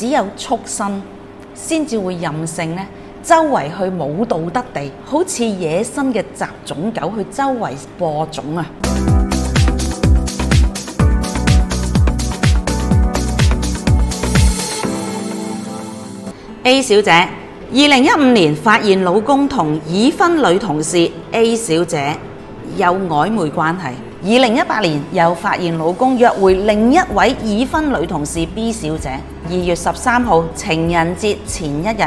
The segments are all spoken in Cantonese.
只有畜生先至會任性咧，周圍去冇道德地，好似野生嘅雜種狗去周圍播種啊！A 小姐，二零一五年發現老公同已婚女同事 A 小姐有曖昧關係。二零一八年又發現老公約會另一位已婚女同事 B 小姐。二月十三號，情人節前一日，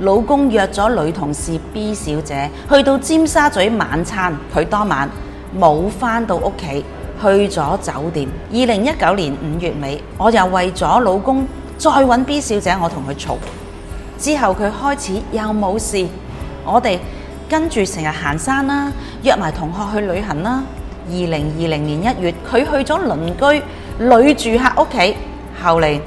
老公約咗女同事 B 小姐去到尖沙咀晚餐。佢當晚冇返到屋企，去咗酒店。二零一九年五月尾，我又為咗老公再揾 B 小姐我，我同佢吵之後，佢開始又冇事，我哋跟住成日行山啦，約埋同學去旅行啦。二零二零年一月，佢去咗鄰居女住客屋企，後嚟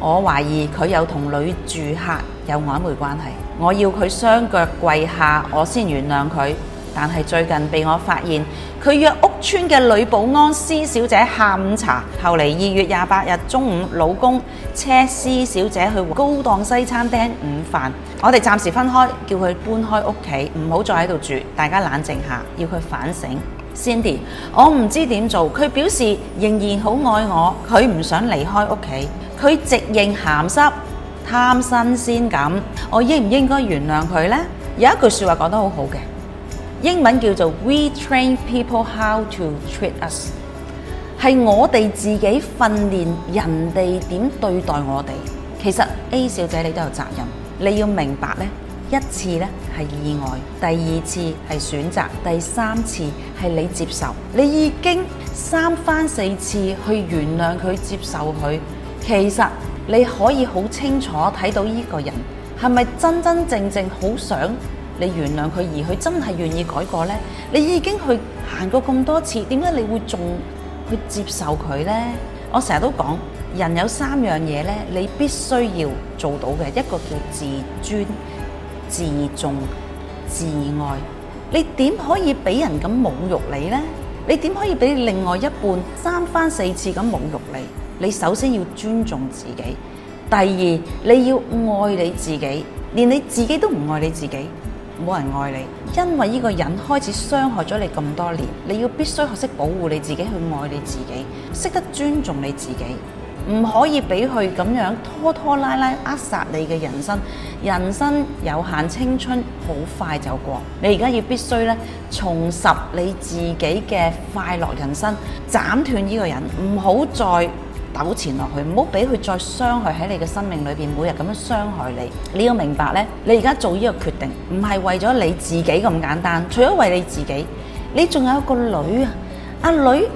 我懷疑佢有同女住客有曖昧關係。我要佢雙腳跪下，我先原諒佢。但係最近被我發現，佢約屋村嘅女保安施小姐下午茶。後嚟二月廿八日中午，老公車施小姐去高檔西餐廳午飯。我哋暫時分開，叫佢搬開屋企，唔好再喺度住。大家冷靜下，要佢反省。Cindy，我唔知點做，佢表示仍然好愛我，佢唔想離開屋企，佢直認鹹濕、貪新鮮咁，我應唔應該原諒佢呢？有一句説話講得好好嘅，英文叫做 We train people how to treat us，係我哋自己訓練人哋點對待我哋。其實 A 小姐你都有責任，你要明白呢。一次呢，係意外，第二次係選擇，第三次係你接受。你已經三番四次去原諒佢、接受佢，其實你可以好清楚睇到呢個人係咪真真正正好想你原諒佢，而佢真係願意改過呢？你已經去行過咁多次，點解你會仲去接受佢呢？我成日都講，人有三樣嘢呢，你必須要做到嘅一個叫自尊。自重自愛，你點可以俾人咁侮辱你呢？你點可以俾另外一半三番四次咁侮辱你？你首先要尊重自己，第二你要愛你自己，連你自己都唔愛你自己，冇人愛你，因為呢個人開始傷害咗你咁多年，你要必須學識保護你自己，去愛你自己，識得尊重你自己。唔可以俾佢咁樣拖拖拉拉扼殺你嘅人生，人生有限，青春好快就過。你而家要必須咧重拾你自己嘅快樂人生，斬斷呢個人，唔好再糾纏落去，唔好俾佢再傷害喺你嘅生命裏邊，每日咁樣傷害你。你要明白呢，你而家做呢個決定唔係為咗你自己咁簡單，除咗為你自己，你仲有一個女啊，阿女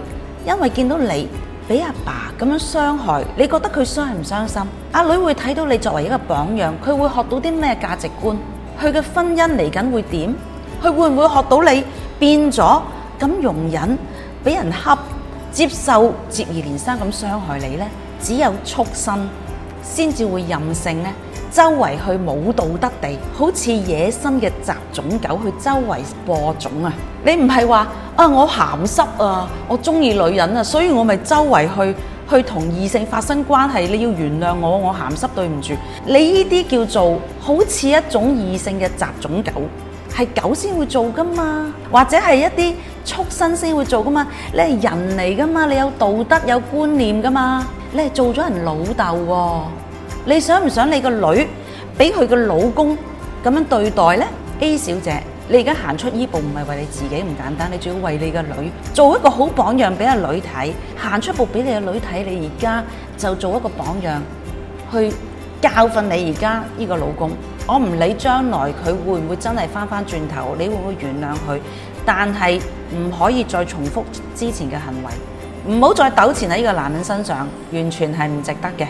因為見到你。俾阿爸咁樣傷害，你覺得佢傷唔傷心？阿女會睇到你作為一個榜樣，佢會學到啲咩價值觀？佢嘅婚姻嚟緊會點？佢會唔會學到你變咗咁容忍，俾人恰，接受，接二連三咁傷害你呢？只有畜生先至會任性呢。周圍去冇道德地，好似野生嘅雜種狗去周圍播種啊！你唔係話啊，我鹹濕啊，我中意女人啊，所以我咪周圍去去同異性發生關係。你要原諒我，我鹹濕，對唔住。你呢啲叫做好似一種異性嘅雜種狗，係狗先會做噶嘛？或者係一啲畜生先會做噶嘛？你係人嚟噶嘛？你有道德有觀念噶嘛？你係做咗人老豆喎！你想唔想你個女俾佢個老公咁樣對待咧？A 小姐，你而家行出依步唔係為你自己唔簡單，你仲要為你個女做一個好榜樣俾阿女睇，行出步俾你個女睇，你而家就做一個榜樣去教訓你而家呢個老公。我唔理將來佢會唔會真係翻翻轉頭，你會唔會原諒佢？但係唔可以再重複之前嘅行為，唔好再糾纏喺呢個男人身上，完全係唔值得嘅。